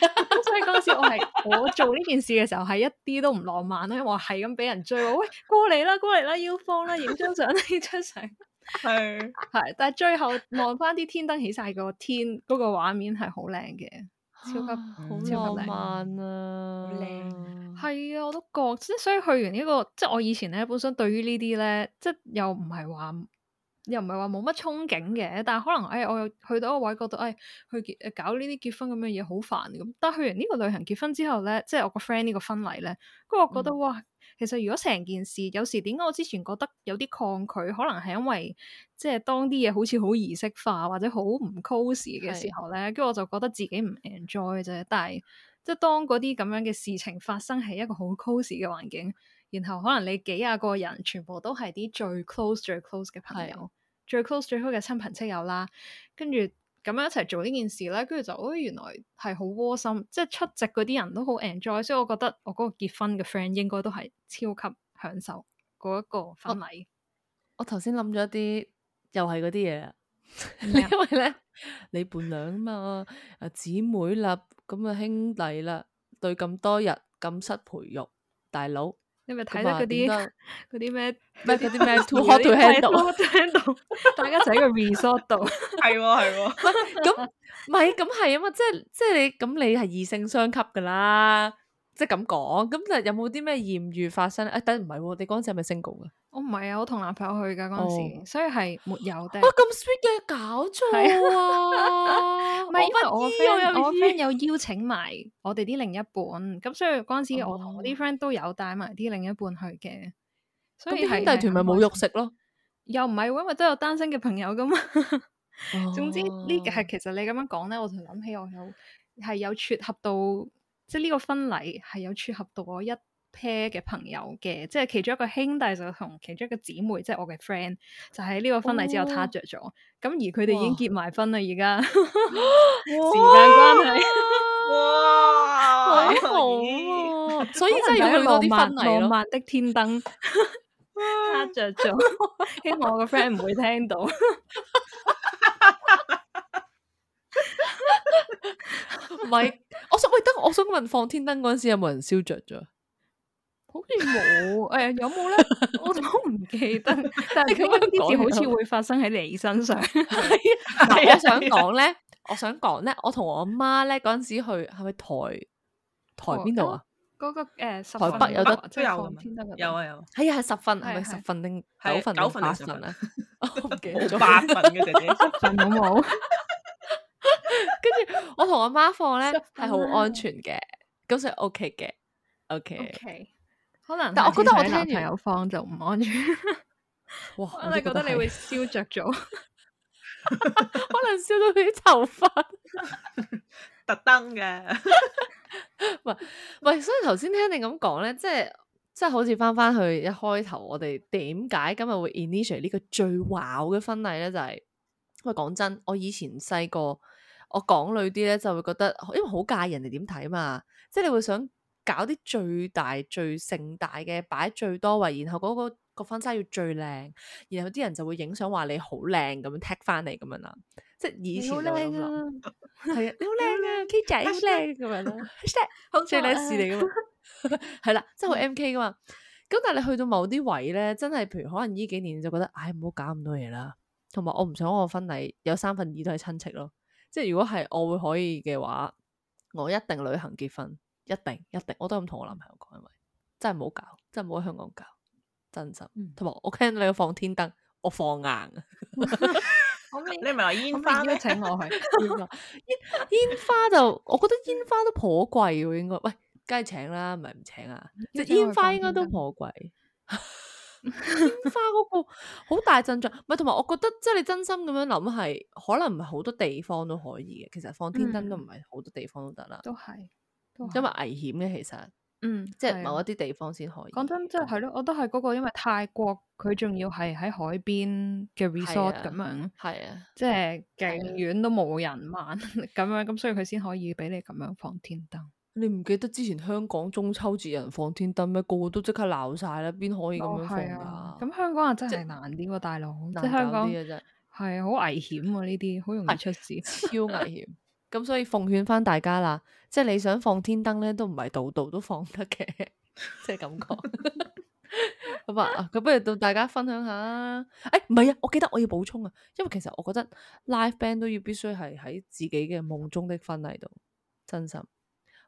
所以嗰時我係我做呢件事嘅時候係一啲都唔浪漫咯，因為我係咁俾人追，喂過嚟啦，過嚟啦，要放啦，影張相，影張相。係係是， 但係最後望翻啲天燈起晒個天，嗰，那個畫面係好靚嘅，超級好，啊、超級靚啊！靚係啊，我都覺即係，所以去完呢、這個，即係我以前咧，本身對於呢啲咧，即係又唔係話又唔係話冇乜憧憬嘅，但係可能誒、哎，我又去到一個位，覺得誒、哎、去結誒搞呢啲結婚咁樣嘢好煩咁，但係去完呢個旅行結婚之後咧，即係我個 friend 呢個婚禮咧，嗰個覺得哇！嗯其實如果成件事，有時點解我之前覺得有啲抗拒，可能係因為即係當啲嘢，好似好儀式化或者好唔 close 嘅時候咧，跟住是我就覺得自己唔 enjoy 啫。但係即係當嗰啲咁樣嘅事情發生喺一個好 close 嘅環境，然後可能你幾廿個人全部都係啲最 close 最 close 嘅朋友，是最 close 最 close 嘅親朋戚友啦，跟住，咁樣一齊做呢件事咧，跟住就，誒，原來係好窩心，即係出席嗰啲人都好 enjoy，所以我覺得我嗰個結婚嘅 friend 應該都係超級享受嗰一個婚禮，啊。我頭先諗咗一啲，又係嗰啲嘢， 因為咧呢， 你伴娘啊嘛，啊姊 妹啦，咁啊兄弟啦，對咁多日咁失培育大佬。你咪睇得嗰啲嗰啲咩？唔係嗰啲咩 Too hot to handle 大家就喺個 resort 度。係喎係喎，咁、啊，唔係咁係啊嘛，即係即係你咁，你係異性相吸噶啦，即係咁講。咁有冇啲咩艷遇發生？啊、哎，等唔係喎，你嗰陣時係咪 single？我唔係啊，我同男朋友去噶嗰陣時，oh. 所以係沒有的。哇、oh，咁 sweet 嘅，搞錯 啊！唔係因為我 friend，我 friend 有，有邀請埋我哋啲、啊、另一半，咁所以嗰陣時我同我啲 friend 都有帶埋啲另一半去嘅。所以兄弟團咪冇肉食咯？啊啊、又唔係，因為都有單身嘅朋友噶嘛。 總之呢個係其實你咁樣講咧，我就諗起我有係有撮合到，即係呢個婚禮係有撮合到我一。車嘅朋友嘅，即係其中一個兄弟就同其中一個姊妹，即係我嘅 friend，就喺呢個婚禮之後撻着咗。咁而佢哋已經結埋婚啦，而 家時間關係， 哇，好，所以真係有浪漫，浪漫的天燈撻着咗，希望我個 friend 唔會聽到。唔 係，我想喂我得，我想問放天燈嗰陣時有冇人燒着咗？好似冇誒，有冇咧？我都唔記得。但係佢嗰啲事好似會發生喺你身上。係啊，我想講咧，我想講咧，我同我阿媽咧嗰陣時去係咪台台邊度啊？個誒台北有得有，有啊有。係啊係十分，係十分定九份八份啊？我唔記得咗八份嘅，十分好冇。跟住我同我阿媽放咧係好安全嘅，咁所以 OK 嘅 OK。可能，但我覺得我男朋友放就唔安全。哇！我哋 覺得你會燒着咗， 可能燒到佢啲頭髮 特專，特登嘅。喂喂，所以頭先聽你咁講咧，即係即係好似返返去一開頭，我哋點解今日會 initiate 呢個最 wow 嘅婚禮咧？就係、是、因為講真，我以前細個，我講女啲咧就會覺得，因為好介人哋點睇嘛，即係你會想。搞啲最大最盛大嘅，擺最多位，然後嗰、嗰個、嗰個婚紗要最靚，然後啲人就會影相話你好靚咁樣踢翻嚟咁樣啦，即係以前啦咁啦，係啊，你好靚啊，K 仔好靚咁樣啦，好靚、 啊，即係咧是你咁係啦，即係好 M K 噶嘛，咁但係你去到某啲位咧，真係譬如可能呢幾年就覺得，唉，唔好搞咁多嘢啦，同埋我唔想我婚禮有三分二都係親戚咯，即係如果係我會可以嘅話，我一定旅行，定旅行結婚。一定一定，我都咁同我男朋友講，因為，真係唔好搞，真係唔好喺香港搞，真心。同埋、嗯、我聽你要放天燈，我放硬啊！ 你唔係話煙花應該請我去？煙花就我覺得煙花都頗貴嘅，應該喂，梗係請啦，唔係唔請啊？其實煙花應該都頗貴。煙 花嗰個好大陣仗，唔係同埋我覺得，即係你真心咁樣諗，係可能唔係好多地方都可以嘅。其實放天燈都唔係好多地方都得啦、嗯。都係。因為危險嘅其實，嗯，即係某一啲地方先可以。講真，即係係咯，我都係嗰個，因為泰國佢仲要係喺海邊嘅 resort 咁樣，係啊，即係勁遠都冇人問咁樣，咁所以佢先可以俾你咁樣放天燈。你唔記得之前香港中秋節人放天燈咩？個個都即刻鬧晒啦，邊可以咁樣放噶？咁香港啊真係難啲喎，大陸，即係香港嘅啫，係啊，好危險啊呢啲，好容易出事，超危險。咁所以奉勸翻大家啦，即係你想放天燈咧，都唔係度度都放得嘅，即係咁講。咁啊，佢不如同大家分享下啊。誒、哎，唔係啊，我記得我要補充啊，因為其實我覺得 Live Band 都要必須係喺自己嘅夢中的婚禮度，真心，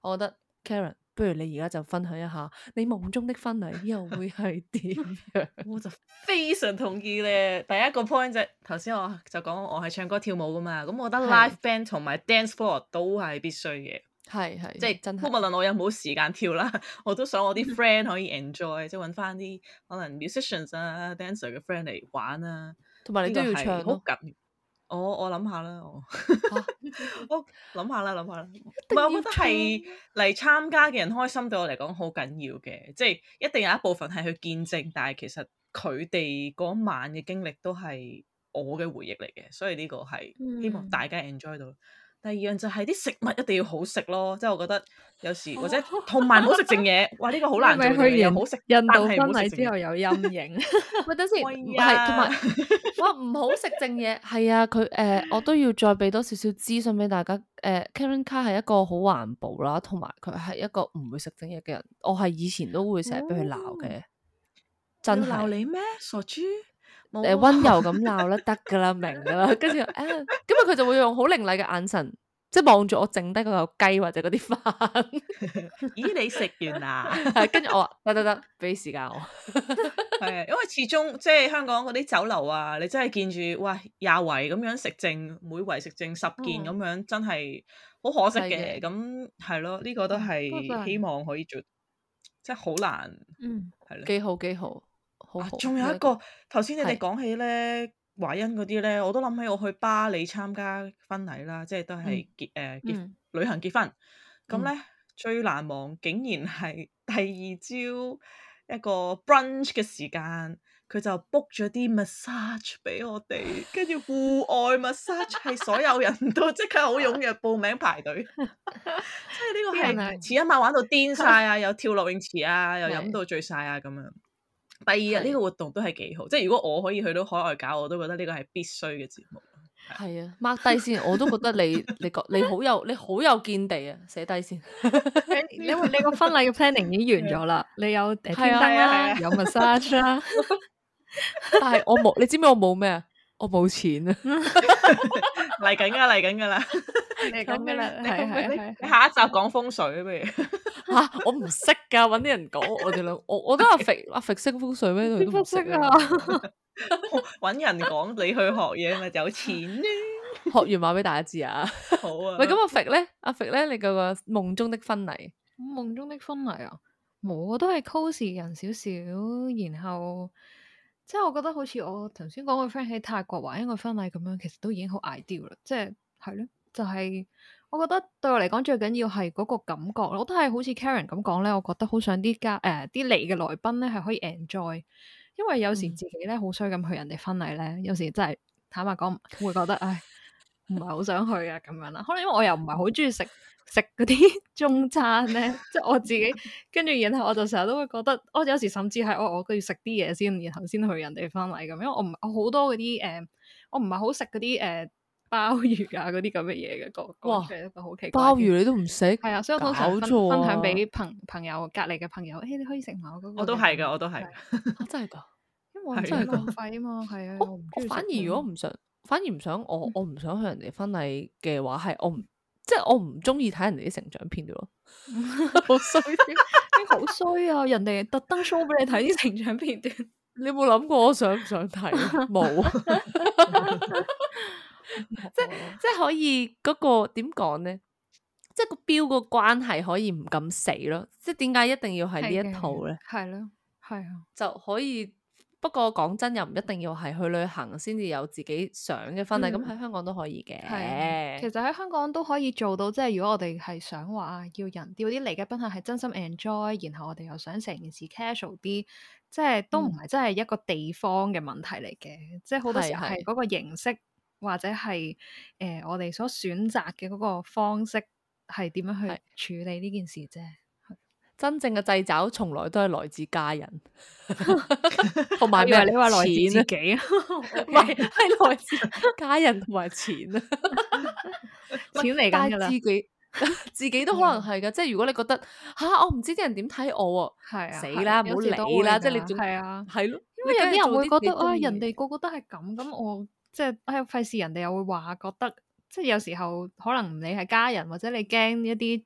我覺得 Karen。不如你而家就分享一下，你夢中的婚禮又會係點樣？ 我就非常同意咧。第一個 point 就頭先我就講我係唱歌跳舞噶嘛，咁我覺得 live band 同埋 dance floor 都係必須嘅。係係，即係真係好，無論我有冇時間跳啦，我都想我啲 friend 可以 enjoy， 即係搵翻啲可能 musicians 啊、dancer 嘅 friend 嚟玩啊，同埋你都要唱咯、啊。Oh，我我諗下啦，我我諗下啦，諗下啦。唔係， 我覺得係嚟參加嘅人開心對我嚟講好緊要嘅，即係一定有一部分係去見證，但係其實佢哋嗰晚嘅經歷都係我嘅回憶嚟嘅，所以呢個係希望大家 enjoy 到。嗯。第二樣就係啲食物一定要好食咯，即係我覺得有時或者同埋唔好食剩嘢。哇呢個好難做嘅，又好食，但係唔好食剩嘢之後有陰影。喂等先，係同埋我唔好食剩嘢。係啊，佢，誒我都要再俾多少少資訊俾大家。誒，Karen 卡係一個好環保啦，同埋佢係一個唔會食剩嘢嘅人。我係以前都會成日俾佢鬧嘅，真鬧你咩傻豬？誒，温柔咁鬧咧，得噶啦，明噶啦，跟住，啊，咁啊，佢就會用好凌厲嘅眼神，即係望住我剩低嗰嚿雞或者嗰啲花。咦，你食完啦？跟住我話得得得，俾時間我。係，因為始終即係香港嗰啲酒樓啊，你真係見住哇廿圍咁樣食剩，每圍食剩十件咁樣，真係好可惜嘅。咁係咯，呢個都係希望可以做，即係好難。嗯，係咯，幾好幾好。啊！仲有一個頭先你哋講起咧，華欣嗰啲咧，我都諗起我去巴黎參加婚禮啦，即係都係結誒結旅行結婚。咁咧最難忘竟然係第二朝一個 brunch 嘅時間，佢就 book 咗啲 massage 俾我哋，跟住戶外 massage，係所有人都即刻好踴躍報名排隊。即係呢個係前一晚玩到癲晒啊，又跳落泳池啊，又飲到醉晒啊咁樣。第二日呢個活動都係幾好，即係如果我可以去到海外搞，我都覺得呢個係必須嘅節目。係啊，mark 低先，我都覺得你你覺你好有你好有見地啊，寫低先。你你個婚禮嘅 planning 已經完咗啦，你有天燈啦，有 massage 啦，但係我冇，你知唔知我冇咩啊？我冇錢啊！嚟緊噶，嚟緊噶啦，嚟緊噶啦，係係你下一集講風水咩？吓，我唔識噶，搵啲人講。我哋兩，我我覺得阿肥阿肥識風水咩？佢都唔識啊。搵人講，你去學嘢咪有錢呢？學完話俾大家知啊。好啊。喂，咁阿肥咧，阿肥咧，你個個夢中的婚禮，夢中的婚禮啊，我都係 cos 人少少，然後。即係我覺得好似我頭先講個 friend 喺泰國玩一個婚禮咁樣，其實都已經好 ideal 啦。即係係咯，就係、是就是、我覺得對我嚟講最緊要係嗰個感覺。我都係好似 Karen 咁講咧，我覺得好想啲家誒啲嚟嘅來賓咧係可以 enjoy，因為有時自己咧好衰咁去人哋婚禮咧，有時真係坦白講會覺得唉。 唔係好想去啊，咁樣啦。可能因為我又唔係好中意食食嗰啲中餐咧，即係 我自己跟住然後我就成日都會覺得，我有時甚至係我、哦、我要食啲嘢先，然後先去人哋翻嚟咁。因為我唔我好多嗰啲誒，我唔係好食嗰啲誒鮑魚啊嗰啲咁嘅嘢嘅個。哇，一個好奇怪！鮑魚你都唔食，係啊，所以我時分、啊、分享俾朋朋友隔籬嘅朋友，誒、哎，你可以食埋我嗰、嗰個。我都係嘅，我都係。真係㗎，因為我真係浪費啊嘛。係啊， 反而如果唔想。反而唔想我，我唔想去人哋婚禮嘅話係我唔，即係我唔中意睇人哋啲成長片段咯。好衰，你好衰啊！人哋特登 show 俾你睇啲成長片段，你有冇諗過我想唔想睇？冇，即係即係可以嗰個點講咧？即係個標個關係可以唔咁死咯？即係點解一定要係呢一套咧？係咯，係啊，就可以。不過講真，又唔一定要係去旅行先至有自己想嘅婚禮，咁喺、嗯、香港都可以嘅。其實喺香港都可以做到，即係如果我哋係想話要人調啲嚟嘅賓客係真心 enjoy，然後我哋又想成件事 casual 啲，即係都唔係真係一個地方嘅問題嚟嘅，嗯、即係好多時候係嗰個形式是是或者係誒、呃、我哋所選擇嘅嗰個方式係點樣去處理呢件事啫。真正嘅掣肘從來都係來自家人，同埋咩？你話來自自己，唔係係來自家人同埋錢啊，錢嚟緊噶自己自己都可能係嘅，即係如果你覺得吓，我唔知啲人點睇我，係死啦，唔好理啦，即係你係啊，係咯，因為有啲人會覺得啊，人哋個個都係咁，咁我即係哎費事人哋又會話覺得，即係有時候可能唔理係家人，或者你驚一啲。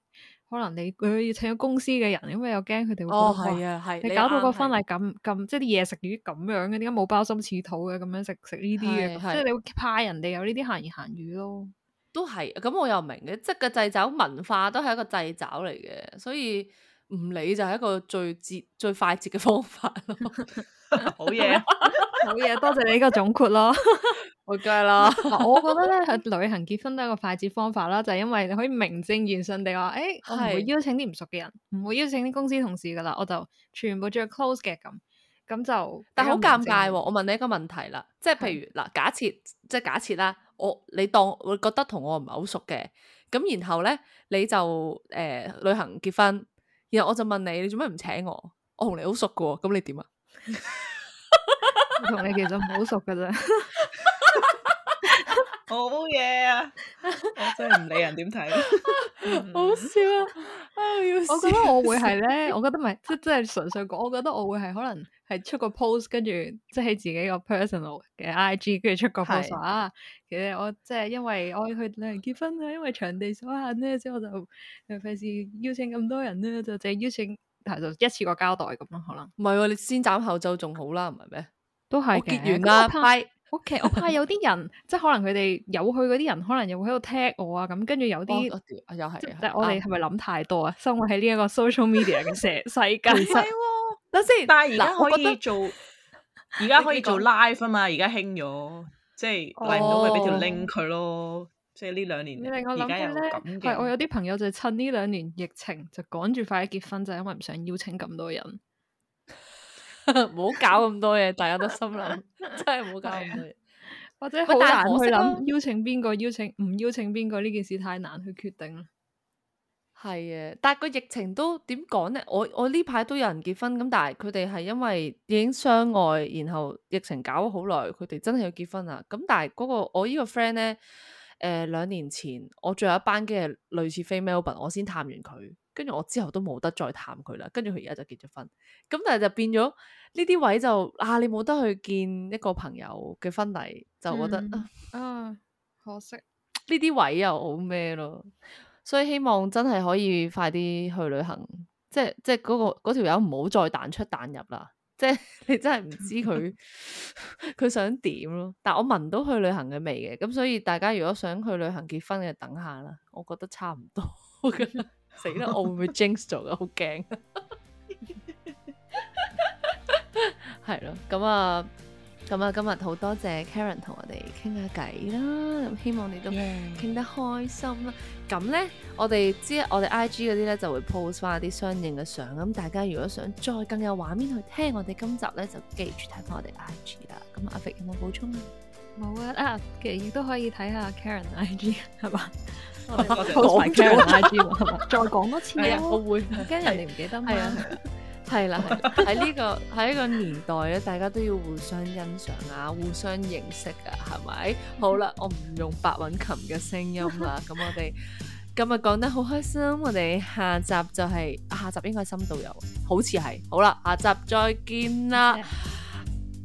可能你佢要請公司嘅人，因為又驚佢哋會講話。哦，係啊，係、啊啊、你搞到個婚禮咁咁，即係啲嘢食至咁樣嘅，點解冇鮑參翅肚嘅咁樣食食呢啲嘅？即係、啊、你會怕人哋有呢啲閒言閒語咯。都係，咁我又明嘅，即係個祭酒文化都係一個祭酒嚟嘅，所以唔理就係一個最捷最快捷嘅方法咯。好嘢。好嘢， 多謝你呢個總括咯，好，梗係咯。我覺得咧，去旅行結婚都係一個快捷方法啦，就係、是、因為你可以名正言順地話，誒、欸，我唔會邀請啲唔熟嘅人，唔是會邀請啲公司同事噶啦，我就全部最 close 嘅咁，咁就，但係好尷尬、哦。我問你一個問題啦，即係譬如嗱是，假設即係假設啦，我你當會覺得同我唔係好熟嘅，咁然後咧你就誒、呃、旅行結婚，然後我就問你，你做咩唔請我？我同你好熟噶，咁你點啊？ 我同你其實唔好熟噶啫，好嘢啊！我真係唔理人點睇，好笑啊！我要我覺得我會係咧， 我覺得唔係，即係即係純粹講我覺得我會係可能係出個 post，跟住即係自己個 personal 嘅 IG，跟住出個 post 是 啊。其實我即係因為我去兩人結婚啊，因為場地所限咧，之後就費事邀請咁多人咧，就淨係邀請，係、 嗯、就一次過交代咁咯。可能唔係喎，你先斬後奏仲好啦，唔係咩？都係嘅，好結完啦。係，OK，我怕有啲人，即係可能佢哋有去嗰啲人，可能又會喺度踢我啊。咁跟住有啲，又係。即係我哋係咪諗太多啊？生活喺呢一個 social media 嘅世界。但係而家可以做，而家可以做 live 啊嘛。而家興咗，即係嚟唔到咪俾條 link 佢咯。即係呢兩年，而家又咁嘅。我有啲朋友就趁呢兩年疫情，就趕住快啲結婚，就係因為唔想邀請咁多人。唔好 搞咁多嘢， 大家都心諗， 真係唔好搞咁多嘢。 或者好難去諗邀請邊個，邀請唔邀請邊個呢件事太難去決定啦。係啊，但係個疫情都點講咧？我我呢排都有人結婚，咁但係佢哋係因為已經相愛，然後疫情搞咗好耐，佢哋真係要結婚啦。咁但係嗰、那個我個呢個 friend 咧，誒、呃、兩年前我最後一班機係類似飛 Melbourne，我先探完佢。跟住我之後都冇得再探佢啦。跟住佢而家就結咗婚，咁但係就變咗呢啲位就啊，你冇得去見一個朋友嘅婚禮，就覺得、嗯、啊可惜。呢啲位又好咩咯？所以希望真係可以快啲去旅行，即係即係、嗰、嗰個條友唔好再彈出彈入啦。即係你真係唔知佢佢 想點咯。但係我聞到去旅行嘅味嘅，咁所以大家如果想去旅行結婚嘅，等下啦，我覺得差唔多。 死啦！ 我會唔會 jinx 咗噶？好驚，係咯咁啊，咁啊，今日好多謝 Karen 同我哋傾下偈啦，咁希望你都傾得開心啦。咁咧 Yeah.，我哋知我哋 IG 嗰啲咧就會 post 翻啲相應嘅相，咁大家如果想再更有畫面去聽我哋今集咧，就記住睇翻我哋 IG 啦。咁阿肥有冇補充啊？冇啊。啊，其實亦都可以睇下 Karen IG 係嘛？我哋講埋 Karen IG 係嘛？再講多次啊！我會驚人哋唔記得，係啊，係啦，係啦，係！喺呢個喺呢個年代咧，大家都要互相欣賞啊，互相認識啊，係咪？好啦，我唔用白韻琴嘅聲音啦。咁我哋今日講得好開心，我哋下集就係下集應該深度遊，好似係。好啦，下集再見啦！